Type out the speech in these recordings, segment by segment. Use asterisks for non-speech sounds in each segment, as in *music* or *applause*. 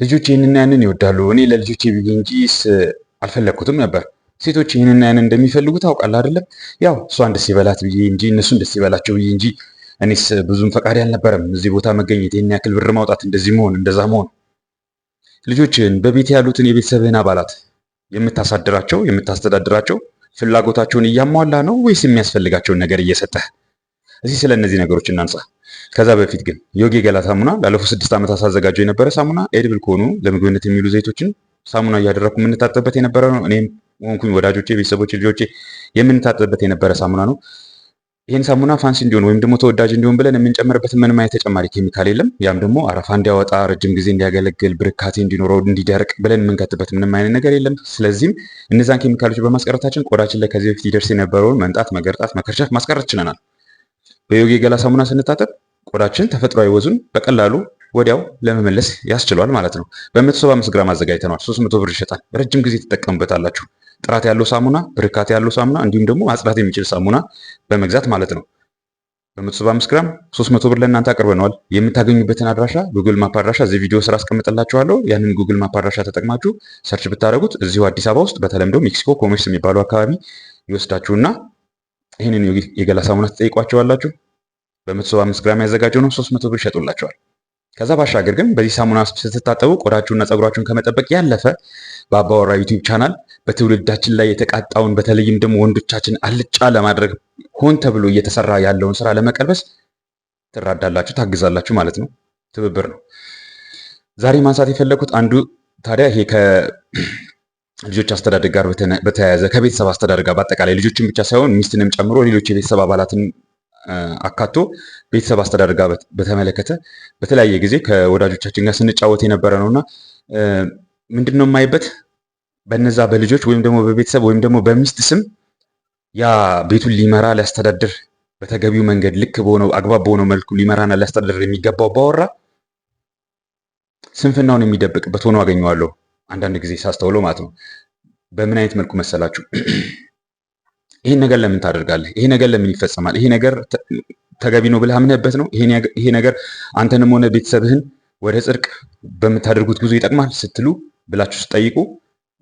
ልጆች ይህንና ያንን ይወዳሉ። እኔ ለልጆቼ ብዬ እንጂስ አልፈለግኩትም ነበር። ሴቶች ይህንና ያንን እንደሚፈልጉ ታውቃለህ አይደለም? ያው እሷን ደስ ይበላት ብዬ እንጂ እነሱን ደስ ይበላቸው ብዬ እንጂ እኔስ ብዙም ፈቃድ አልነበረም እዚህ ቦታ መገኘት፣ ይህን ያክል ብር ማውጣት፣ እንደዚህ መሆን፣ እንደዛ መሆን። ልጆችን በቤት ያሉትን የቤተሰብህን አባላት የምታሳድራቸው የምታስተዳድራቸው ፍላጎታቸውን እያሟላ ነው ወይስ የሚያስፈልጋቸውን ነገር እየሰጠህ እዚህ ስለ እነዚህ ነገሮች እናንሳ። ከዛ በፊት ግን ዮጊ ገላ ሳሙና ላለፉት ስድስት ዓመታት ሳዘጋጀው የነበረ ሳሙና ኤድብል ከሆኑ ለምግብነት የሚሉ ዘይቶችን ሳሙና እያደረግኩ የምንታጠበት የነበረ ነው። እኔም ሆንኩኝ ወዳጆቼ፣ ቤተሰቦቼ፣ ልጆቼ የምንታጠበት የነበረ ሳሙና ነው። ይህን ሳሙና ፋንሲ እንዲሆን ወይም ደግሞ ተወዳጅ እንዲሆን ብለን የምንጨምርበት ምንም አይነት ተጨማሪ ኬሚካል የለም። ያም ደግሞ አረፋ እንዲያወጣ ረጅም ጊዜ እንዲያገለግል ብርካቴ እንዲኖረው እንዲደርቅ ብለን የምንከትበት ምንም አይነት ነገር የለም። ስለዚህም እነዛን ኬሚካሎች በማስቀረታችን ቆዳችን ላይ ከዚህ በፊት ይደርስ የነበረውን መንጣት፣ መገርጣት፣ መከርሸፍ ማስቀረት ችለናል። በዮጊ ገላ ሳሙና ስንታጠብ ቆዳችን ተፈጥሯዊ ወዙን በቀላሉ ወዲያው ለመመለስ ያስችሏል ማለት ነው። በ175 ግራም አዘጋጅተነዋል። 300 ብር ይሸጣል። ረጅም ጊዜ ትጠቀሙበታላችሁ። ጥራት ያለው ሳሙና፣ ብርካት ያለው ሳሙና እንዲሁም ደግሞ ማጽዳት የሚችል ሳሙና በመግዛት ማለት ነው። በ175 ግራም 300 ብር ለእናንተ አቅርበነዋል። የምታገኙበትን አድራሻ ጉግል ማፕ አድራሻ እዚህ ቪዲዮ ስራ አስቀምጥላችኋለሁ። ያንን ጉግል ማፕ አድራሻ ተጠቅማችሁ ሰርች ብታደረጉት እዚሁ አዲስ አበባ ውስጥ በተለምዶ ሜክሲኮ ኮሜርስ የሚባለው አካባቢ ይወስዳችሁና ይህንን የገላ ሳሙና ትጠይቋቸዋላችሁ። በ175 ግራም ያዘጋጀ ነው 300 ብር ይሸጡላቸዋል። ከዛ ባሻገር ግን በዚህ ሳሙና ስትታጠቡ ቆዳችሁና ጸጉራችሁን ከመጠበቅ ያለፈ በአባወራ ዩቲዩብ ቻናል በትውልዳችን ላይ የተቃጣውን በተለይም ደግሞ ወንዶቻችን አልጫ ለማድረግ ሆን ተብሎ እየተሰራ ያለውን ስራ ለመቀልበስ ትራዳላችሁ፣ ታግዛላችሁ ማለት ነው። ትብብር ነው። ዛሬ ማንሳት የፈለግኩት አንዱ ታዲያ ይሄ ከልጆች አስተዳደግ ጋር በተያያዘ ከቤተሰብ አስተዳደግ ጋር በአጠቃላይ ልጆችን ብቻ ሳይሆን ሚስትንም ጨምሮ ሌሎች የቤተሰብ አባላትን አካቶ ቤተሰብ አስተዳደር ጋር በተመለከተ በተለያየ ጊዜ ከወዳጆቻችን ጋር ስንጫወት የነበረ ነው እና ምንድን ነው የማይበት በነዛ በልጆች ወይም ደግሞ በቤተሰብ ወይም ደግሞ በሚስት ስም ያ ቤቱን ሊመራ ሊያስተዳድር በተገቢው መንገድ ልክ በሆነው አግባብ በሆነው መልኩ ሊመራና ሊያስተዳድር የሚገባው ባወራ ስንፍናውን የሚደብቅበት ሆኖ አገኘዋለሁ። አንዳንድ ጊዜ ሳስተውለው ማለት ነው። በምን አይነት መልኩ መሰላችሁ? *clears throat* ይሄን ነገር ለምን ታደርጋለህ? ይሄ ነገር ለምን ይፈጸማል? ይሄ ነገር ተገቢ ነው ብለህ አምነህበት ነው? ይሄ ነገር አንተንም ሆነ ቤተሰብህን ወደ ጽድቅ በምታደርጉት ጉዞ ይጠቅማል ስትሉ ብላችሁ ስጠይቁ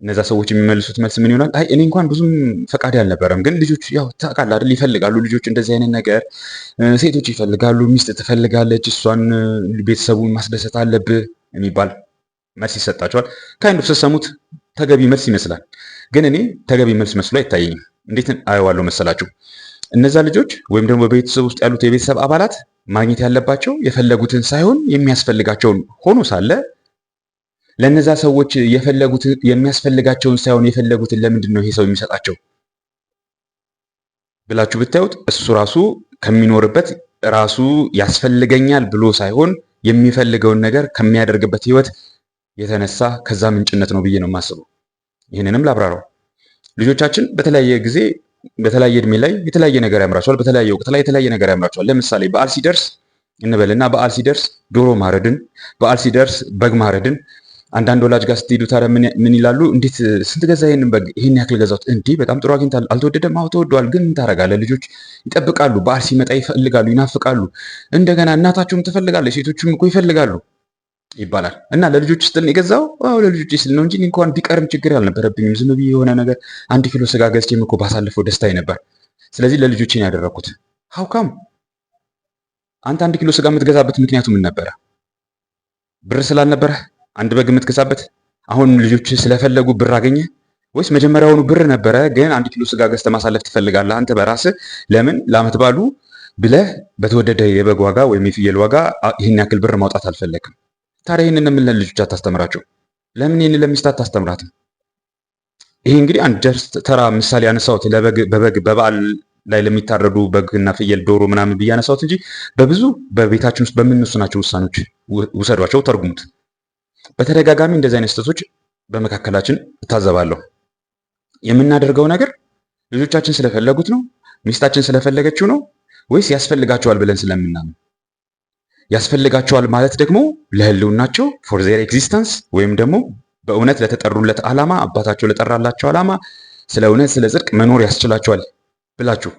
እነዛ ሰዎች የሚመልሱት መልስ ምን ይሆናል? አይ እኔ እንኳን ብዙም ፈቃድ አልነበረም፣ ግን ልጆች ያው ታውቃለህ አይደል ይፈልጋሉ። ልጆች እንደዚህ አይነት ነገር ሴቶች ይፈልጋሉ። ሚስት ትፈልጋለች፣ እሷን ቤተሰቡን ማስደሰት አለብህ የሚባል መልስ ይሰጣቸዋል። ከአይንዱ ስትሰሙት ተገቢ መልስ ይመስላል። ግን እኔ ተገቢ መልስ መስሎ አይታየኝም። እንዴት አየዋለሁ መሰላችሁ? እነዛ ልጆች ወይም ደግሞ በቤተሰብ ውስጥ ያሉት የቤተሰብ አባላት ማግኘት ያለባቸው የፈለጉትን ሳይሆን የሚያስፈልጋቸውን ሆኖ ሳለ ለነዛ ሰዎች የሚያስፈልጋቸውን ሳይሆን የፈለጉትን ለምንድን ነው ይሄ ሰው የሚሰጣቸው ብላችሁ ብታዩት እሱ ራሱ ከሚኖርበት ራሱ ያስፈልገኛል ብሎ ሳይሆን የሚፈልገውን ነገር ከሚያደርግበት ህይወት የተነሳ ከዛ ምንጭነት ነው ብዬ ነው የማስበው። ይህንንም ላብራራው። ልጆቻችን በተለያየ ጊዜ በተለያየ እድሜ ላይ የተለያየ ነገር ያምራቸዋል። በተለያየ ወቅት ላይ የተለያየ ነገር ያምራቸዋል። ለምሳሌ በዓል ሲደርስ እንበልና በዓል ሲደርስ ዶሮ ማረድን፣ በዓል ሲደርስ በግ ማረድን አንዳንድ ወላጅ ጋር ስትሄዱ ታዲያ ምን ይላሉ? እንዴት ስንት ገዛ ይህን ያክል ገዛት? እንዲህ በጣም ጥሩ አግኝታል። አልተወደደም? አዎ ተወደዋል። ግን ምን ታደርጋለህ? ልጆች ይጠብቃሉ። በዓል ሲመጣ ይፈልጋሉ፣ ይናፍቃሉ። እንደገና እናታቸውም ትፈልጋለች፣ ሴቶችም እኮ ይፈልጋሉ። ይባላል እና ለልጆች ስል የገዛው ለልጆች ስል ነው እንጂ እንኳን ቢቀርም ችግር አልነበረብኝም። ዝም ብዬ የሆነ ነገር አንድ ኪሎ ስጋ ገዝቼም እኮ ባሳልፈው ደስታዬ ነበር። ስለዚህ ለልጆች ነው ያደረኩት። ሀውካም አንተ አንድ ኪሎ ስጋ የምትገዛበት ምክንያቱ ምን ነበረ? ብር ስላልነበረ አንድ በግ የምትገዛበት? አሁን ልጆች ስለፈለጉ ብር አገኘ ወይስ መጀመሪያውኑ ብር ነበረ፣ ግን አንድ ኪሎ ስጋ ገዝተህ ማሳለፍ ትፈልጋለህ አንተ በራስህ? ለምን ለአመት ባሉ ብለህ በተወደደ የበግ ዋጋ ወይም የፍየል ዋጋ ይህን ያክል ብር ማውጣት አልፈለግም። ታዲያ ይህንን ለምን ለልጆች አታስተምራቸው? ለምን ይህን ለሚስት አታስተምራትም? ይሄ እንግዲህ አንድ ተራ ምሳሌ ያነሳሁት በበግ በበዓል ላይ ለሚታረዱ በግና ፍየል፣ ዶሮ ምናምን ብዬ ያነሳሁት እንጂ በብዙ በቤታችን ውስጥ በምንወስናቸው ውሳኔዎች ውሰዷቸው፣ ተርጉሙት። በተደጋጋሚ እንደዚህ አይነት ስህተቶች በመካከላችን እታዘባለሁ። የምናደርገው ነገር ልጆቻችን ስለፈለጉት ነው፣ ሚስታችን ስለፈለገችው ነው፣ ወይስ ያስፈልጋቸዋል ብለን ስለምናምን ያስፈልጋቸዋል ማለት ደግሞ ለህልውናቸው ፎር ዜር ኤግዚስተንስ ወይም ደግሞ በእውነት ለተጠሩለት ዓላማ አባታቸው ለጠራላቸው ዓላማ ስለ እውነት ስለ ጽድቅ መኖር ያስችላቸዋል ብላችሁ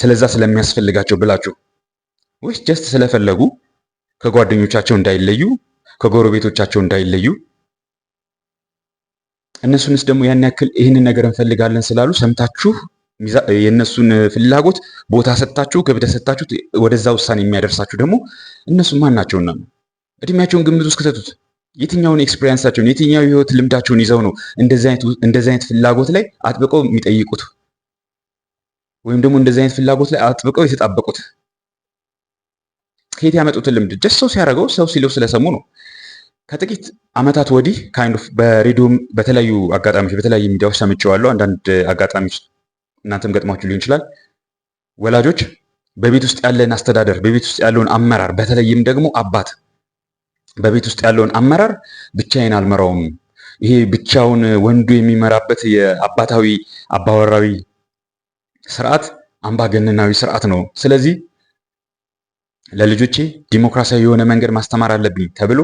ስለዛ ስለሚያስፈልጋቸው ብላችሁ ወይስ ጀስት ስለፈለጉ ከጓደኞቻቸው እንዳይለዩ ከጎረቤቶቻቸው እንዳይለዩ እነሱንስ ደግሞ ያን ያክል ይህንን ነገር እንፈልጋለን ስላሉ ሰምታችሁ የእነሱን ፍላጎት ቦታ ሰጥታችሁ ክብደት ሰጥታችሁ ወደዛ ውሳኔ የሚያደርሳችሁ ደግሞ እነሱ ማን ናቸውና ነው? እድሜያቸውን ግምት ውስጥ ክተቱት። የትኛውን ኤክስፔሪንሳቸውን የትኛው ህይወት ልምዳቸውን ይዘው ነው እንደዚህ አይነት ፍላጎት ላይ አጥብቀው የሚጠይቁት ወይም ደግሞ እንደዚህ አይነት ፍላጎት ላይ አጥብቀው የተጣበቁት? ከየት ያመጡትን ልምድ? ጀስ ሰው ሲያደርገው ሰው ሲለው ስለሰሙ ነው። ከጥቂት ዓመታት ወዲህ ካይንድ ኦፍ በሬዲዮም በተለያዩ አጋጣሚዎች በተለያዩ ሚዲያዎች ሰምቼዋለሁ። አንዳንድ አጋጣሚዎች እናንተም ገጥማችሁ ሊሆን ይችላል። ወላጆች በቤት ውስጥ ያለን አስተዳደር፣ በቤት ውስጥ ያለውን አመራር፣ በተለይም ደግሞ አባት በቤት ውስጥ ያለውን አመራር ብቻዬን አልመራውም። ይሄ ብቻውን ወንዱ የሚመራበት የአባታዊ አባወራዊ ስርዓት አምባገነናዊ ስርዓት ነው። ስለዚህ ለልጆቼ ዲሞክራሲያዊ የሆነ መንገድ ማስተማር አለብኝ ተብሎ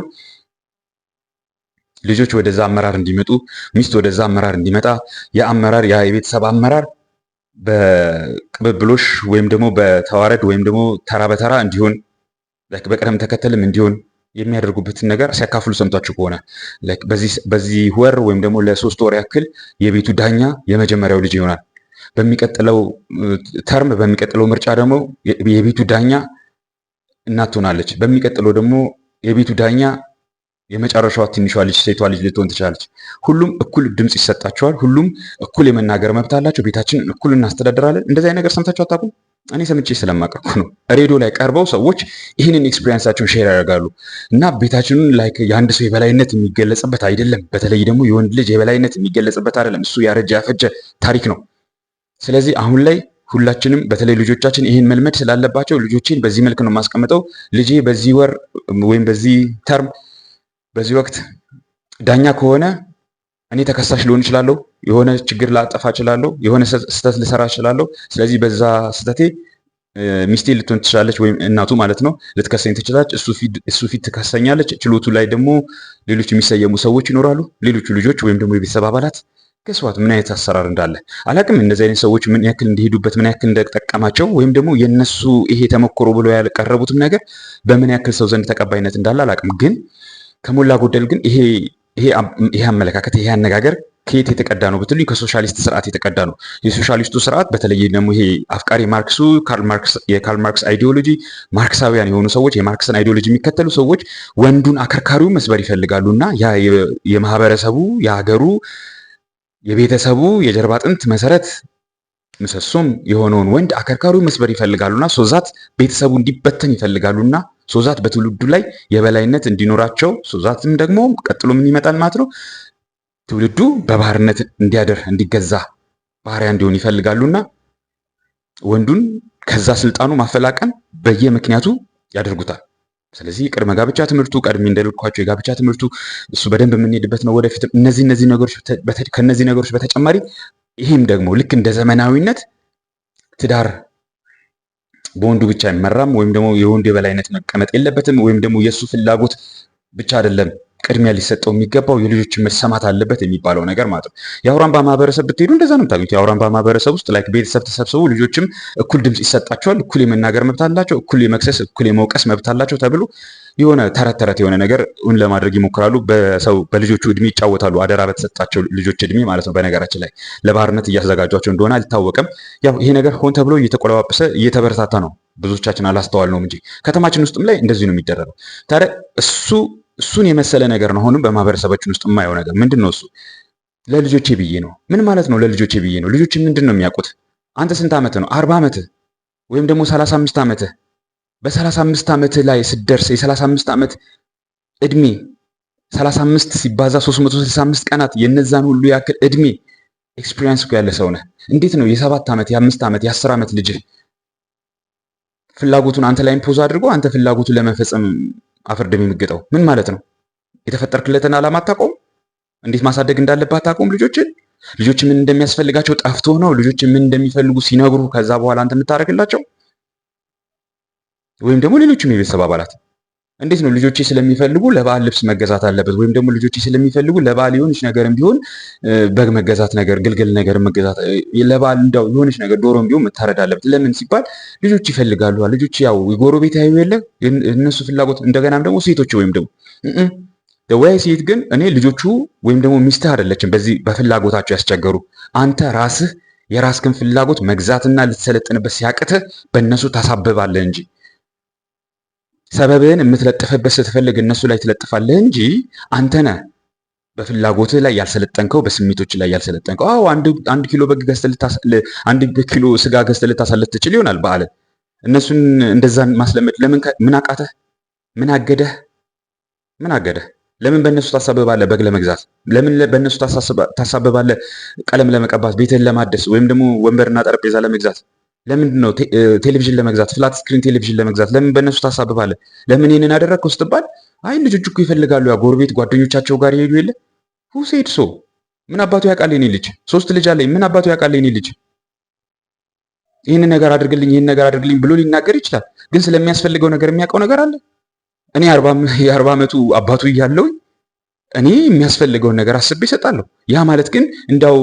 ልጆች ወደዛ አመራር እንዲመጡ፣ ሚስት ወደዛ አመራር እንዲመጣ የአመራር የቤተሰብ አመራር በቅብብሎሽ ወይም ደግሞ በተዋረድ ወይም ደግሞ ተራ በተራ እንዲሆን በቅደም ተከተልም እንዲሆን የሚያደርጉበትን ነገር ሲያካፍሉ ሰምታችሁ ከሆነ በዚህ ወር ወይም ደግሞ ለሶስት ወር ያክል የቤቱ ዳኛ የመጀመሪያው ልጅ ይሆናል። በሚቀጥለው ተርም በሚቀጥለው ምርጫ ደግሞ የቤቱ ዳኛ እናት ትሆናለች። በሚቀጥለው ደግሞ የቤቱ ዳኛ የመጨረሻዋ ትንሿ ልጅ ሴቷ ልጅ ልትሆን ትችላለች። ሁሉም እኩል ድምፅ ይሰጣቸዋል። ሁሉም እኩል የመናገር መብት አላቸው። ቤታችንን እኩል እናስተዳድራለን። እንደዚህ ነገር ሰምታችሁ አታውቁም? እኔ ሰምቼ ስለማቀርኩ ነው። ሬዲዮ ላይ ቀርበው ሰዎች ይህንን ኤክስፒሪየንሳቸውን ሼር ያደርጋሉ እና ቤታችንን ላይክ የአንድ ሰው የበላይነት የሚገለጽበት አይደለም። በተለይ ደግሞ የወንድ ልጅ የበላይነት የሚገለጽበት አይደለም። እሱ ያረጀ ያፈጀ ታሪክ ነው። ስለዚህ አሁን ላይ ሁላችንም በተለይ ልጆቻችን ይህን መልመድ ስላለባቸው ልጆቼን በዚህ መልክ ነው የማስቀምጠው፣ ልጄ በዚህ ወር ወይም በዚህ ተርም በዚህ ወቅት ዳኛ ከሆነ እኔ ተከሳሽ ሊሆን እችላለሁ፣ የሆነ ችግር ላጠፋ እችላለሁ፣ የሆነ ስህተት ልሰራ እችላለሁ። ስለዚህ በዛ ስህተቴ ሚስቴ ልትሆን ትችላለች፣ ወይም እናቱ ማለት ነው ልትከሰኝ ትችላለች። እሱ ፊት ትከሰኛለች። ችሎቱ ላይ ደግሞ ሌሎች የሚሰየሙ ሰዎች ይኖራሉ፣ ሌሎቹ ልጆች ወይም ደግሞ የቤተሰብ አባላት ገስዋት ምን አይነት አሰራር እንዳለ አላቅም። እነዚህ አይነት ሰዎች ምን ያክል እንደሄዱበት ምን ያክል እንደጠቀማቸው ወይም ደግሞ የነሱ ይሄ ተሞክሮ ብሎ ያልቀረቡትም ነገር በምን ያክል ሰው ዘንድ ተቀባይነት እንዳለ አላቅም ግን ከሞላ ጎደል ግን ይሄ ይሄ አመለካከት ይሄ አነጋገር ከየት የተቀዳ ነው ብትሉኝ ከሶሻሊስት ስርዓት የተቀዳ ነው። የሶሻሊስቱ ስርዓት በተለይ ደግሞ ይሄ አፍቃሪ ማርክሱ የካርል ማርክስ አይዲዮሎጂ ማርክሳዊያን የሆኑ ሰዎች የማርክስን አይዲዮሎጂ የሚከተሉ ሰዎች ወንዱን አከርካሪው መስበር ይፈልጋሉ እና የማህበረሰቡ የሀገሩ የቤተሰቡ የጀርባ አጥንት መሰረት ምሰሶም የሆነውን ወንድ አከርካሪው መስበር ይፈልጋሉና ሶዛት ቤተሰቡ እንዲበተን ይፈልጋሉና ሶዛት በትውልዱ ላይ የበላይነት እንዲኖራቸው ሶዛትም ደግሞ ቀጥሎ ምን ይመጣል ማለት ነው ትውልዱ በባህርነት እንዲያደር እንዲገዛ ባህሪያ እንዲሆን ይፈልጋሉና ወንዱን ከዛ ስልጣኑ ማፈላቀን በየምክንያቱ ያደርጉታል። ስለዚህ ቅድመ ጋብቻ ትምህርቱ ቀድሜ እንደልኳቸው የጋብቻ ትምህርቱ እሱ በደንብ የምንሄድበት ነው። ወደፊት እነዚህ ነገሮች ከእነዚህ ነገሮች በተጨማሪ ይህም ደግሞ ልክ እንደ ዘመናዊነት ትዳር በወንዱ ብቻ አይመራም፣ ወይም ደግሞ የወንዱ የበላይነት መቀመጥ የለበትም፣ ወይም ደግሞ የእሱ ፍላጎት ብቻ አይደለም ቅድሚያ ሊሰጠው የሚገባው የልጆች መሰማት አለበት የሚባለው ነገር ማለት ነው። የአውራምባ ማህበረሰብ ብትሄዱ እንደዛ ነው የምታገኙት። የአውራምባ ማህበረሰብ ውስጥ ላይክ ቤተሰብ ተሰብስቦ ልጆችም እኩል ድምፅ ይሰጣቸዋል፣ እኩል የመናገር መብት አላቸው፣ እኩል የመክሰስ እኩል የመውቀስ መብት አላቸው ተብሎ የሆነ ተረት ተረት የሆነ ነገር እውን ለማድረግ ይሞክራሉ። በሰው በልጆቹ እድሜ ይጫወታሉ። አደራ በተሰጣቸው ልጆች እድሜ ማለት ነው። በነገራችን ላይ ለባህርነት እያዘጋጇቸው እንደሆነ አልታወቀም። ያው ይሄ ነገር ሆን ተብሎ እየተቆለባበሰ እየተበረታታ ነው። ብዙዎቻችን አላስተዋል ነው እንጂ ከተማችን ውስጥም ላይ እንደዚህ ነው የሚደረገው። ታዲያ እሱ እሱን የመሰለ ነገር ነው። አሁንም በማህበረሰባችን ውስጥ የማየው ነገር ምንድን ነው? እሱ ለልጆቼ ብዬ ነው። ምን ማለት ነው? ለልጆቼ ብዬ ነው። ልጆች ምንድን ነው የሚያውቁት? አንተ ስንት ዓመት ነው? አርባ ዓመትህ ወይም ደግሞ ሰላሳ አምስት ዓመትህ በሰላሳ አምስት ዓመትህ ላይ ስደርስ የሰላሳ አምስት ዓመት እድሜ ሰላሳ አምስት ሲባዛ ሶስት መቶ ስልሳ አምስት ቀናት የነዛን ሁሉ ያክል እድሜ ኤክስፒሪየንስ እኮ ያለ ሰው ነህ። እንዴት ነው የሰባት ዓመት የአምስት ዓመት የአስር ዓመት ልጅ ፍላጎቱን አንተ ላይ ኢምፖዝ አድርጎ አንተ ፍላጎቱን ለመፈጸም አፈር ደም ምን ማለት ነው? የተፈጠርክለትን ዓላማ አታውቀውም? እንዴት ማሳደግ እንዳለባት አታውቀውም? ልጆችን ልጆች ምን እንደሚያስፈልጋቸው ጠፍቶ ነው? ልጆች ምን እንደሚፈልጉ ሲነግሩ ከዛ በኋላ አንተ የምታደርግላቸው ወይም ደግሞ ሌሎችም የቤተሰብ አባላት እንዴት ነው ልጆቼ ስለሚፈልጉ ለበዓል ልብስ መገዛት አለበት፣ ወይም ደግሞ ልጆቼ ስለሚፈልጉ ለበዓል የሆነች ነገርም ቢሆን በግ መገዛት ነገር ግልግል ነገር መገዛት ለበዓል እንዳው የሆነች ነገር ዶሮም ቢሆን መታረድ አለበት። ለምን ሲባል ልጆች ይፈልጋሉ። ልጆች ያው ጎረቤት ያዩ የለ እነሱ ፍላጎት። እንደገናም ደግሞ ሴቶች ወይም ደግሞ ወይ ሴት ግን እኔ ልጆቹ ወይም ደግሞ ሚስትህ አይደለችም በዚህ በፍላጎታቸው ያስቸገሩ አንተ ራስህ የራስህን ፍላጎት መግዛትና ልትሰለጥንበት ሲያቅትህ በእነሱ ታሳብባለህ እንጂ ሰበብን የምትለጥፍበት ስትፈልግ እነሱ ላይ ትለጥፋለህ እንጂ አንተነ በፍላጎትህ ላይ ያልሰለጠንከው፣ በስሜቶች ላይ ያልሰለጠንከው። አዎ አንድ ኪሎ በግ አንድ ኪሎ ስጋ ገዝተህ ልታሳልፍ ትችል ይሆናል በዓል እነሱን እንደዛ ማስለመድ ለምን ምን አቃተህ? ምን አገደህ? ምን አገደህ? ለምን በእነሱ ታሳብባለህ? በግ ለመግዛት ለምን በእነሱ ታሳብባለህ? ቀለም ለመቀባት፣ ቤትህን ለማደስ፣ ወይም ደግሞ ወንበርና ጠረጴዛ ለመግዛት ለምንድን ነው ቴሌቪዥን ለመግዛት ፍላት ስክሪን ቴሌቪዥን ለመግዛት ለምን በእነሱ ታሳብባለ? ለምን ይህንን አደረግከው ስትባል አይ ልጆቹ እኮ ይፈልጋሉ፣ ያ ጎረቤት ጓደኞቻቸው ጋር ይሄዱ የለ ሁሴድ ሶ ምን አባቱ ያውቃል? የኔ ልጅ ሶስት ልጅ አለኝ፣ ምን አባቱ ያውቃል? የኔ ልጅ ይህን ነገር አድርግልኝ፣ ይህን ነገር አድርግልኝ ብሎ ሊናገር ይችላል። ግን ስለሚያስፈልገው ነገር የሚያውቀው ነገር አለ? እኔ የአርባ ዓመቱ አባቱ እያለውኝ እኔ የሚያስፈልገውን ነገር አስቤ ይሰጣለሁ። ያ ማለት ግን እንዳው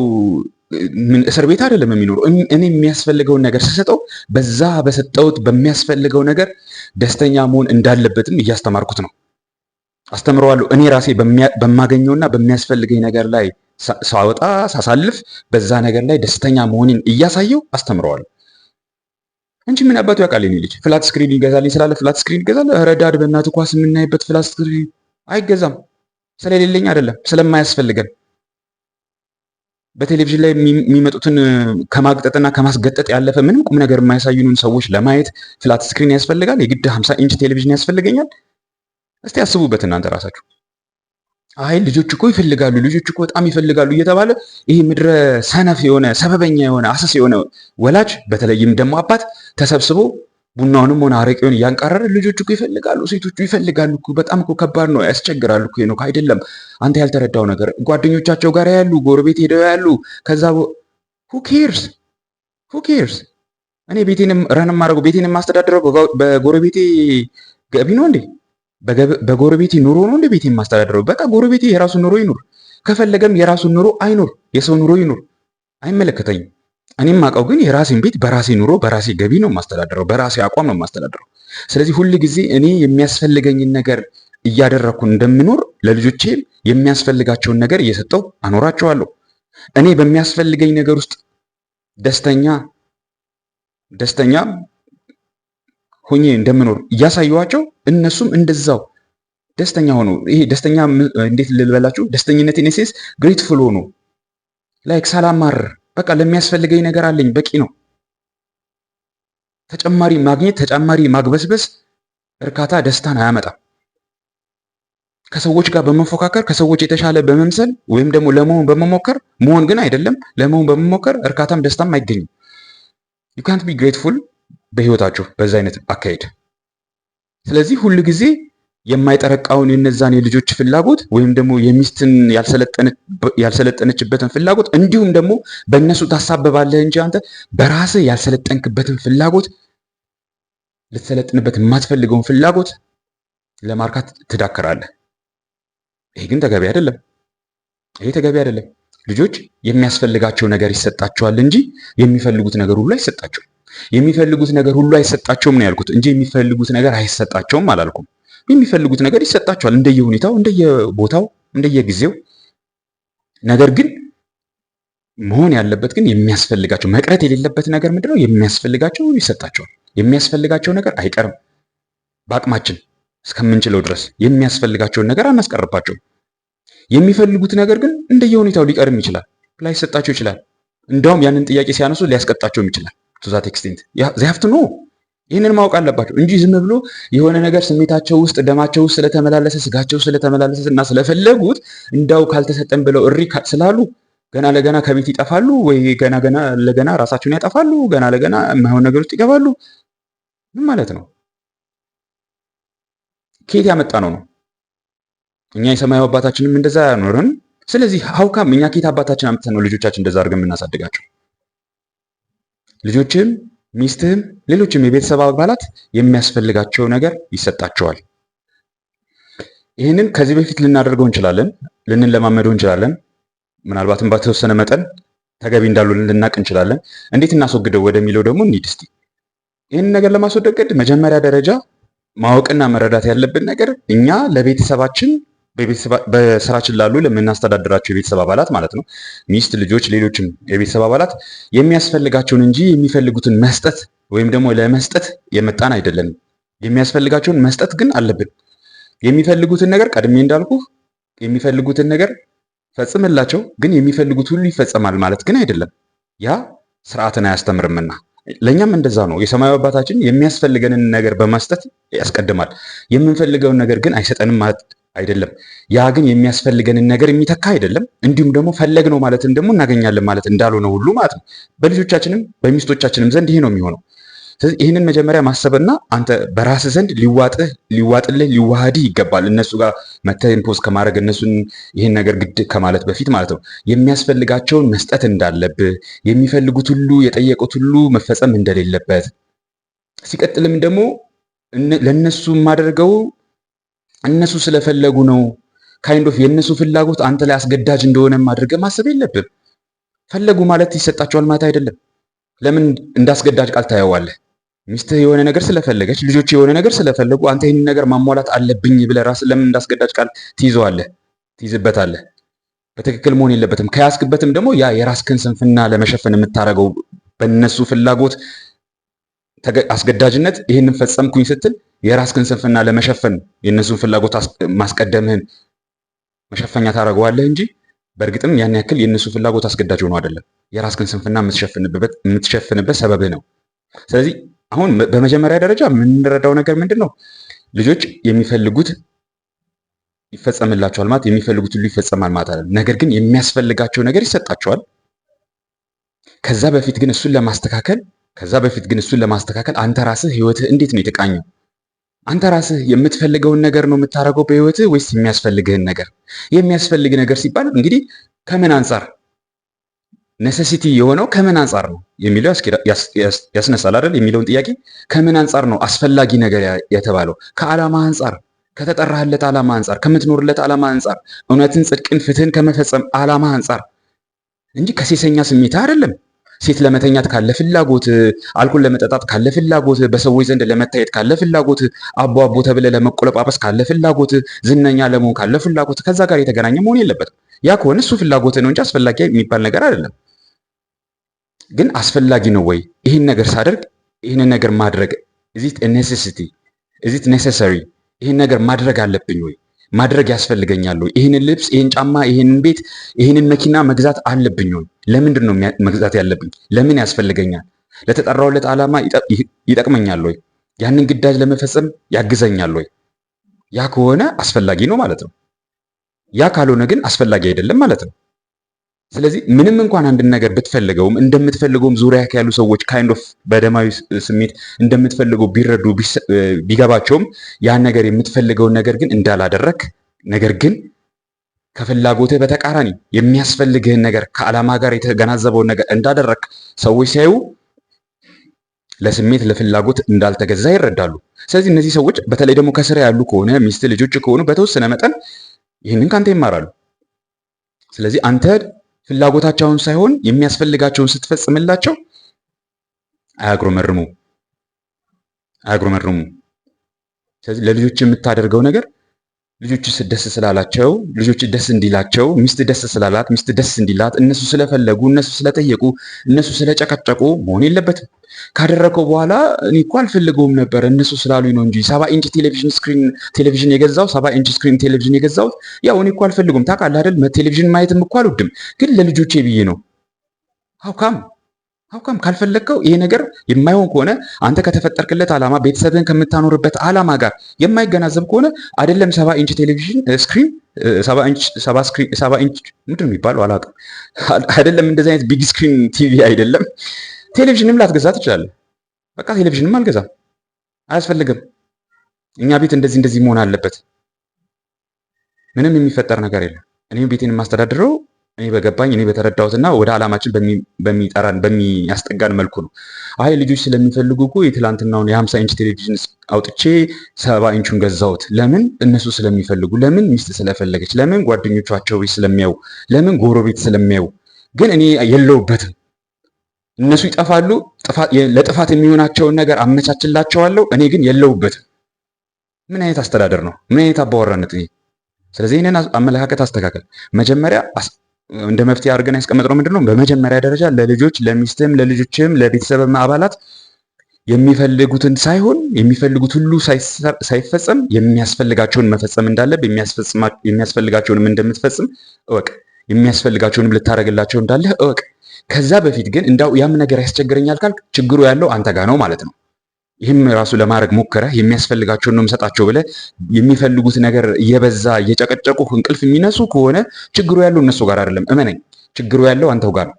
እስር ቤት አይደለም የሚኖረው። እኔ የሚያስፈልገውን ነገር ስሰጠው በዛ በሰጠውት በሚያስፈልገው ነገር ደስተኛ መሆን እንዳለበትም እያስተማርኩት ነው፣ አስተምረዋለሁ። እኔ ራሴ በማገኘውና በሚያስፈልገኝ ነገር ላይ ሳወጣ ሳሳልፍ፣ በዛ ነገር ላይ ደስተኛ መሆኔን እያሳየው አስተምረዋለሁ እንጂ ምን አባቱ ያውቃል የኔ ልጅ። ፍላት ስክሪን ይገዛልኝ ስላለ ፍላት ስክሪን ይገዛል። ረዳድ በእናት ኳስ የምናይበት ፍላት ስክሪን አይገዛም። ስለሌለኝ አይደለም ስለማያስፈልገን በቴሌቪዥን ላይ የሚመጡትን ከማግጠጥና ከማስገጠጥ ያለፈ ምንም ቁም ነገር የማያሳዩንን ሰዎች ለማየት ፍላት ስክሪን ያስፈልጋል። የግድ 50 ኢንች ቴሌቪዥን ያስፈልገኛል። እስቲ አስቡበት እናንተ ራሳችሁ። አይ ልጆች እኮ ይፈልጋሉ፣ ልጆች እኮ በጣም ይፈልጋሉ እየተባለ ይህ ምድረ ሰነፍ የሆነ ሰበበኛ የሆነ አሰስ የሆነ ወላጅ በተለይም ደግሞ አባት ተሰብስቦ ቡናውንም ሆነ አረቄውን እያንቀረረ ልጆቹ እኮ ይፈልጋሉ፣ ሴቶቹ ይፈልጋሉ። በጣም እኮ ከባድ ነው፣ ያስቸግራሉ እኮ ነው። አይደለም አንተ ያልተረዳው ነገር ጓደኞቻቸው ጋር ያሉ ጎረቤት ሄደው ያሉ ከዛ ሁኬርስ ሁኬርስ እኔ ቤቴንም ረን ማድረገው ቤቴን የማስተዳድረው በጎረቤቴ ገቢ ነው እንዴ? በጎረቤቴ ኑሮ ነው እንዴ ቤቴን የማስተዳድረው? በቃ ጎረቤቴ የራሱን ኑሮ ይኑር፣ ከፈለገም የራሱን ኑሮ አይኑር፣ የሰው ኑሮ ይኑር፣ አይመለከተኝም። እኔም አውቀው ግን የራሴን ቤት በራሴ ኑሮ በራሴ ገቢ ነው የማስተዳደረው፣ በራሴ አቋም ነው የማስተዳድረው ስለዚህ ሁል ጊዜ እኔ የሚያስፈልገኝን ነገር እያደረግኩ እንደምኖር ለልጆቼም የሚያስፈልጋቸውን ነገር እየሰጠው አኖራቸዋለሁ። እኔ በሚያስፈልገኝ ነገር ውስጥ ደስተኛ ደስተኛ ሆኜ እንደምኖር እያሳየኋቸው እነሱም እንደዛው ደስተኛ ሆኖ ይሄ ደስተኛ እንዴት ልበላችሁ፣ ደስተኝነት ኢን ግሬትፉል ሆኖ ላይክ ሳላማር በቃ ለሚያስፈልገኝ ነገር አለኝ፣ በቂ ነው። ተጨማሪ ማግኘት፣ ተጨማሪ ማግበስበስ እርካታ፣ ደስታን አያመጣም። ከሰዎች ጋር በመፎካከር ከሰዎች የተሻለ በመምሰል ወይም ደግሞ ለመሆን በመሞከር መሆን ግን አይደለም፣ ለመሆን በመሞከር እርካታም ደስታም አይገኝም። ዩ ካንት ቢ ግሬትፉል በህይወታችሁ በዛ አይነት አካሄድ። ስለዚህ ሁል ጊዜ የማይጠረቃውን የነዛን የልጆች ፍላጎት ወይም ደግሞ የሚስትን ያልሰለጠነችበትን ፍላጎት እንዲሁም ደግሞ በእነሱ ታሳበባለህ እንጂ አንተ በራስ ያልሰለጠንክበትን ፍላጎት ልትሰለጥንበት የማትፈልገውን ፍላጎት ለማርካት ትዳከራለህ። ይሄ ግን ተገቢ አይደለም። ይሄ ተገቢ አይደለም። ልጆች የሚያስፈልጋቸው ነገር ይሰጣቸዋል እንጂ የሚፈልጉት ነገር ሁሉ አይሰጣቸውም። የሚፈልጉት ነገር ሁሉ አይሰጣቸውም ነው ያልኩት እንጂ የሚፈልጉት ነገር አይሰጣቸውም አላልኩም። የሚፈልጉት ነገር ይሰጣቸዋል፣ እንደየሁኔታው፣ እንደየቦታው፣ እንደየጊዜው። ነገር ግን መሆን ያለበት ግን የሚያስፈልጋቸው መቅረት የሌለበት ነገር ምንድነው? የሚያስፈልጋቸው ይሰጣቸዋል። የሚያስፈልጋቸው ነገር አይቀርም። በአቅማችን እስከምንችለው ድረስ የሚያስፈልጋቸውን ነገር አናስቀርባቸውም። የሚፈልጉት ነገር ግን እንደየሁኔታው ሊቀርም ይችላል፣ ላይሰጣቸው ይችላል። እንደውም ያንን ጥያቄ ሲያነሱ ሊያስቀጣቸውም ይችላል። ቱዛት ኤክስቴንት ዚሀፍት ኖ ይህንን ማወቅ አለባቸው እንጂ ዝም ብሎ የሆነ ነገር ስሜታቸው ውስጥ ደማቸው ውስጥ ስለተመላለሰ ስጋቸው ስለተመላለሰ እና ስለፈለጉት እንዳው ካልተሰጠን ብለው እሪ ስላሉ ገና ለገና ከቤት ይጠፋሉ ወይ ገና ገና ለገና ራሳቸውን ያጠፋሉ። ገና ለገና የማይሆን ነገር ውስጥ ይገባሉ። ምን ማለት ነው? ከየት ያመጣ ነው ነው? እኛ የሰማያዊ አባታችንም እንደዛ ያኖርን። ስለዚህ ሀውካም እኛ ከየት አባታችን አምጥተን ነው ልጆቻችን እንደዛ አድርገን የምናሳድጋቸው ልጆችም ሚስትህም ሌሎችም የቤተሰብ አባላት የሚያስፈልጋቸው ነገር ይሰጣቸዋል። ይህንን ከዚህ በፊት ልናደርገው እንችላለን፣ ልንለማመደው እንችላለን። ምናልባትም በተወሰነ መጠን ተገቢ እንዳሉ ልናቅ እንችላለን። እንዴት እናስወግደው ወደሚለው ደግሞ እንሂድ እስቲ። ይህንን ነገር ለማስወገድ መጀመሪያ ደረጃ ማወቅና መረዳት ያለብን ነገር እኛ ለቤተሰባችን በስራችን ላሉ ለምናስተዳድራቸው የቤተሰብ አባላት ማለት ነው፣ ሚስት፣ ልጆች፣ ሌሎችም የቤተሰብ አባላት የሚያስፈልጋቸውን እንጂ የሚፈልጉትን መስጠት ወይም ደግሞ ለመስጠት የመጣን አይደለንም። የሚያስፈልጋቸውን መስጠት ግን አለብን። የሚፈልጉትን ነገር ቀድሜ እንዳልኩ የሚፈልጉትን ነገር ፈጽምላቸው፣ ግን የሚፈልጉት ሁሉ ይፈጸማል ማለት ግን አይደለም። ያ ስርዓትን አያስተምርምና ለእኛም እንደዛ ነው። የሰማያዊ አባታችን የሚያስፈልገንን ነገር በመስጠት ያስቀድማል፣ የምንፈልገውን ነገር ግን አይሰጠንም ማለት አይደለም። ያ ግን የሚያስፈልገንን ነገር የሚተካ አይደለም። እንዲሁም ደግሞ ፈለግ ነው ማለትን ደግሞ እናገኛለን ማለት እንዳልሆነ ሁሉ ማለት ነው። በልጆቻችንም በሚስቶቻችንም ዘንድ ይሄ ነው የሚሆነው። ስለዚህ ይህንን መጀመሪያ ማሰብና አንተ በራስህ ዘንድ ሊዋጥህ ሊዋጥልህ ሊዋሃድህ ይገባል። እነሱ ጋር መተህን ፖዝ ከማድረግ እነሱን ይህን ነገር ግድ ከማለት በፊት ማለት ነው የሚያስፈልጋቸውን መስጠት እንዳለብህ፣ የሚፈልጉት ሁሉ የጠየቁት ሁሉ መፈጸም እንደሌለበት ሲቀጥልም ደግሞ ለእነሱ የማደርገው እነሱ ስለፈለጉ ነው። ካይንድ ኦፍ የእነሱ ፍላጎት አንተ ላይ አስገዳጅ እንደሆነም አድርገ ማሰብ የለብም። ፈለጉ ማለት ይሰጣቸዋል ማለት አይደለም። ለምን እንዳስገዳጅ ቃል ታየዋለህ? ሚስትህ የሆነ ነገር ስለፈለገች፣ ልጆች የሆነ ነገር ስለፈለጉ አንተ ይህን ነገር ማሟላት አለብኝ ብለህ ራስህ ለምን እንዳስገዳጅ ቃል ትይዘዋለህ? ትይዝበታለህ? በትክክል መሆን የለበትም። ከያዝክበትም ደግሞ ያ የራስህን ስንፍና ለመሸፈን የምታደርገው በእነሱ ፍላጎት አስገዳጅነት ይህንን ፈጸምኩኝ ስትል የራስህን ስንፍና ለመሸፈን የእነሱን ፍላጎት ማስቀደምህን መሸፈኛ ታደርገዋለህ እንጂ በእርግጥም ያን ያክል የእነሱን ፍላጎት አስገዳጅ ሆኖ አይደለም። የራስህን ስንፍና የምትሸፍንበት ሰበብህ ነው። ስለዚህ አሁን በመጀመሪያ ደረጃ የምንረዳው ነገር ምንድን ነው? ልጆች የሚፈልጉት ይፈጸምላቸዋል ማለት የሚፈልጉት ሁሉ ይፈጸማል ማለት አይደለም። ነገር ግን የሚያስፈልጋቸው ነገር ይሰጣቸዋል። ከዛ በፊት ግን እሱን ለማስተካከል ከዛ በፊት ግን እሱን ለማስተካከል አንተ ራስህ ህይወትህ እንዴት ነው የተቃኘው? አንተ ራስህ የምትፈልገውን ነገር ነው የምታደርገው በህይወትህ ወይስ የሚያስፈልግህን ነገር? የሚያስፈልግ ነገር ሲባል እንግዲህ ከምን አንጻር ነሰሲቲ የሆነው ከምን አንጻር ነው የሚለው ያስነሳል አይደል? የሚለውን ጥያቄ ከምን አንጻር ነው አስፈላጊ ነገር የተባለው? ከዓላማ አንጻር፣ ከተጠራህለት ዓላማ አንጻር፣ ከምትኖርለት ዓላማ አንጻር፣ እውነትን፣ ጽድቅን፣ ፍትህን ከመፈጸም ዓላማ አንጻር እንጂ ከሴሰኛ ስሜት አይደለም። ሴት ለመተኛት ካለ ፍላጎት፣ አልኮል ለመጠጣት ካለ ፍላጎት፣ በሰዎች ዘንድ ለመታየት ካለ ፍላጎት፣ አቦ አቦ ተብለ ለመቆለጳጳስ ካለ ፍላጎት፣ ዝነኛ ለመሆን ካለ ፍላጎት ከዛ ጋር የተገናኘ መሆን የለበትም። ያ ከሆነ እሱ ፍላጎት ነው እንጂ አስፈላጊ የሚባል ነገር አይደለም። ግን አስፈላጊ ነው ወይ? ይህን ነገር ሳደርግ ይህንን ነገር ማድረግ እዚት ኔሴሲቲ እዚት ኔሴሰሪ ይህን ነገር ማድረግ አለብኝ ወይ? ማድረግ ያስፈልገኛል ይህንን ልብስ፣ ይህን ጫማ፣ ይህንን ቤት፣ ይህንን መኪና መግዛት አለብኝ ወይ? ለምንድን ነው መግዛት ያለብኝ? ለምን ያስፈልገኛል? ለተጠራውለት ዓላማ ይጠቅመኛል ወይ? ያንን ግዳጅ ለመፈጸም ያግዘኛል ወይ? ያ ከሆነ አስፈላጊ ነው ማለት ነው። ያ ካልሆነ ግን አስፈላጊ አይደለም ማለት ነው። ስለዚህ ምንም እንኳን አንድን ነገር ብትፈልገውም እንደምትፈልገውም ዙሪያ ያሉ ሰዎች ካይንድ ኦፍ በደማዊ ስሜት እንደምትፈልገው ቢረዱ ቢገባቸውም ያን ነገር የምትፈልገውን ነገር ግን እንዳላደረክ ነገር ግን ከፍላጎትህ በተቃራኒ የሚያስፈልግህን ነገር ከዓላማ ጋር የተገናዘበውን ነገር እንዳደረክ ሰዎች ሲያዩ ለስሜት ለፍላጎት እንዳልተገዛ ይረዳሉ። ስለዚህ እነዚህ ሰዎች በተለይ ደግሞ ከስራ ያሉ ከሆነ ሚስት ልጆች ከሆኑ በተወሰነ መጠን ይህንን ከአንተ ይማራሉ። ስለዚህ አንተ ፍላጎታቸውን ሳይሆን የሚያስፈልጋቸውን ስትፈጽምላቸው አያጉረመርሙ አያጉረመርሙ። ስለዚህ ለልጆች የምታደርገው ነገር ልጆች ደስ ስላላቸው ልጆች ደስ እንዲላቸው፣ ሚስት ደስ ስላላት ሚስት ደስ እንዲላት፣ እነሱ ስለፈለጉ፣ እነሱ ስለጠየቁ፣ እነሱ ስለጨቀጨቁ መሆን የለበትም። ካደረከው በኋላ እኔ እኮ አልፈልገውም ነበር እነሱ ስላሉኝ ነው እንጂ ሰባ ኢንች ቴሌቪዥን ስክሪን ቴሌቪዥን የገዛው ሰባ ኢንች ስክሪን ቴሌቪዥን የገዛው ያው እኔ እኮ አልፈልገውም ታውቃለህ አይደል ቴሌቪዥን ማየትም እኮ አልወድም ግን ለልጆቼ ብዬ ነው ሀውካም ሀውካም ካልፈለግከው ይሄ ነገር የማይሆን ከሆነ አንተ ከተፈጠርክለት ዓላማ ቤተሰብን ከምታኖርበት ዓላማ ጋር የማይገናዘብ ከሆነ አይደለም ሰባ ኢንች ቴሌቪዥን ስክሪን ሰባ ኢንች ምንድን ነው የሚባለው አላውቅም አይደለም እንደዚህ አይነት ቢግ ስክሪን ቲቪ አይደለም ቴሌቪዥንም ላትገዛ ትችላለህ። በቃ ቴሌቪዥንም አልገዛም፣ አያስፈልግም፣ እኛ ቤት እንደዚህ እንደዚህ መሆን አለበት። ምንም የሚፈጠር ነገር የለም። እኔም ቤቴን የማስተዳድረው እኔ በገባኝ እኔ በተረዳሁትና ወደ ዓላማችን በሚጠራን በሚያስጠጋን መልኩ ነው። አይ ልጆች ስለሚፈልጉ እኮ የትላንትናውን የ ኢንች ቴሌቪዥን አውጥቼ ሰባ ኢንቹን ገዛሁት። ለምን? እነሱ ስለሚፈልጉ፣ ለምን? ሚስት ስለፈለገች፣ ለምን? ጓደኞቻቸው ቤት ስለሚያዩ፣ ለምን? ጎረቤት ስለሚያዩ። ግን እኔ የለውበትም እነሱ ይጠፋሉ። ለጥፋት የሚሆናቸውን ነገር አመቻችላቸዋለሁ። እኔ ግን የለውበትም። ምን አይነት አስተዳደር ነው? ምን አይነት አባወራነት? ስለዚህ ይህንን አመለካከት አስተካከል። መጀመሪያ እንደ መፍትሄ አድርገን ያስቀመጥነው ምንድን ነው? በመጀመሪያ ደረጃ ለልጆች ለሚስትም፣ ለልጆችም፣ ለቤተሰብ አባላት የሚፈልጉትን ሳይሆን የሚፈልጉት ሁሉ ሳይፈጸም የሚያስፈልጋቸውን መፈጸም እንዳለብህ የሚያስፈልጋቸውንም እንደምትፈጽም እወቅ። የሚያስፈልጋቸውንም ልታደርግላቸው እንዳለህ እወቅ። ከዛ በፊት ግን እንዳው ያም ነገር ያስቸግረኛል ካልክ ችግሩ ያለው አንተ ጋር ነው ማለት ነው። ይህም ራሱ ለማድረግ ሞከረ የሚያስፈልጋቸውን ነው የምሰጣቸው ብለ የሚፈልጉት ነገር እየበዛ እየጨቀጨቁ እንቅልፍ የሚነሱ ከሆነ ችግሩ ያለው እነሱ ጋር አይደለም። እመነኝ፣ ችግሩ ያለው አንተው ጋር ነው።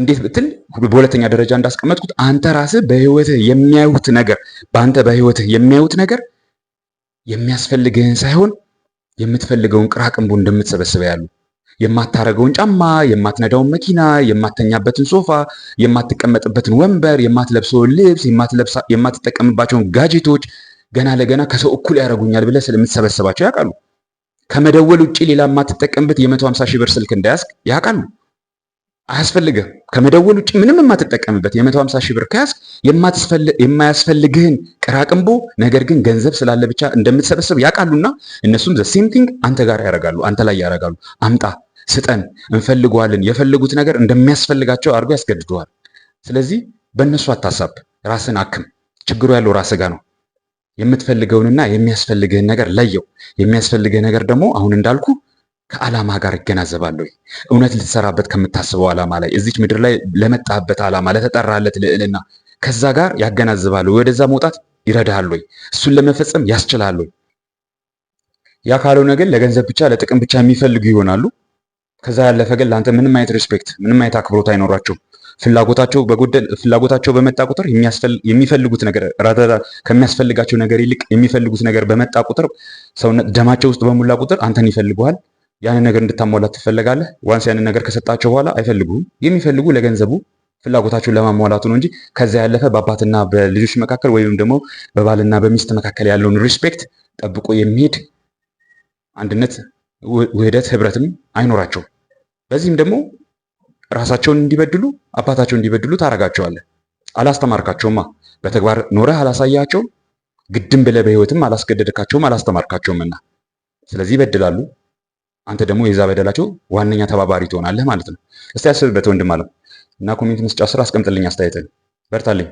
እንዴት ብትል በሁለተኛ ደረጃ እንዳስቀመጥኩት አንተ ራስህ በህይወትህ የሚያዩት ነገር በአንተ በህይወትህ የሚያዩት ነገር የሚያስፈልግህን ሳይሆን የምትፈልገውን ቅራቅንቡ እንደምትሰበስበ ያሉ የማታረገውን ጫማ፣ የማትነዳውን መኪና፣ የማተኛበትን ሶፋ፣ የማትቀመጥበትን ወንበር፣ የማትለብሰውን ልብስ፣ የማትጠቀምባቸውን ጋጀቶች ገና ለገና ከሰው እኩል ያደርጉኛል ብለህ ስለምትሰበሰባቸው ያውቃሉ። ከመደወል ውጭ ሌላ የማትጠቀምበት የ150 ሺህ ብር ስልክ እንዳያስቅ ያውቃሉ። አያስፈልግህም። ከመደወል ውጭ ምንም የማትጠቀምበት የ150 ሺህ ብር ከያዝክ የማያስፈልግህን ቅራቅንቦ ነገር ግን ገንዘብ ስላለ ብቻ እንደምትሰበሰብ ያውቃሉና እነሱም ዘ ሴም ቲንግ አንተ ጋር ያደርጋሉ፣ አንተ ላይ ያደርጋሉ። አምጣ፣ ስጠን፣ እንፈልገዋለን። የፈለጉት ነገር እንደሚያስፈልጋቸው አድርጎ ያስገድደዋል። ስለዚህ በእነሱ አታሳብ፣ ራስን አክም። ችግሩ ያለው ራስ ጋር ነው። የምትፈልገውንና የሚያስፈልግህን ነገር ለየው። የሚያስፈልግህ ነገር ደግሞ አሁን እንዳልኩ ከዓላማ ጋር ወይ እውነት ልትሰራበት ከምታስበው ዓላማ ላይ እዚች ምድር ላይ ለመጣበት ዓላማ ለተጠራለት ልዕልና ከዛ ጋር ያገናዝባሉ ወደዛ መውጣት ይረዳሃል። እሱን ለመፈጸም ያስችላል። ያ ካልሆነ ግን ለገንዘብ ብቻ ለጥቅም ብቻ የሚፈልጉ ይሆናሉ። ከዛ ያለፈ ግን ለአንተ ምንም አይነት ሪስፔክት፣ ምንም አይነት አክብሮት አይኖራቸውም። ፍላጎታቸው በጎደል ፍላጎታቸው በመጣ ቁጥር የሚፈልጉት ነገር ከሚያስፈልጋቸው ነገር ይልቅ የሚፈልጉት ነገር በመጣ ቁጥር ሰውነት ደማቸው ውስጥ በሞላ ቁጥር አንተን ይፈልጉሃል። ያንን ነገር እንድታሟላት ትፈለጋለህ። ዋንስ ያንን ነገር ከሰጣቸው በኋላ አይፈልጉም። የሚፈልጉ ለገንዘቡ ፍላጎታቸውን ለማሟላቱ ነው እንጂ ከዛ ያለፈ በአባትና በልጆች መካከል ወይም ደግሞ በባልና በሚስት መካከል ያለውን ሪስፔክት ጠብቆ የሚሄድ አንድነት፣ ውህደት፣ ህብረትም አይኖራቸውም። በዚህም ደግሞ ራሳቸውን እንዲበድሉ አባታቸው እንዲበድሉ ታረጋቸዋለህ። አላስተማርካቸውማ። በተግባር ኖረህ አላሳያቸውም። ግድም ብለህ በህይወትም አላስገደድካቸውም፣ አላስተማርካቸውምና ስለዚህ ይበድላሉ። አንተ ደግሞ የዛ በደላቸው ዋነኛ ተባባሪ ትሆናለህ ማለት ነው። እስቲ አስብበት ወንድም አለም እና ኮሚኒቲ መስጫ ስራ አስቀምጥልኝ አስተያየትን። በርታለኝ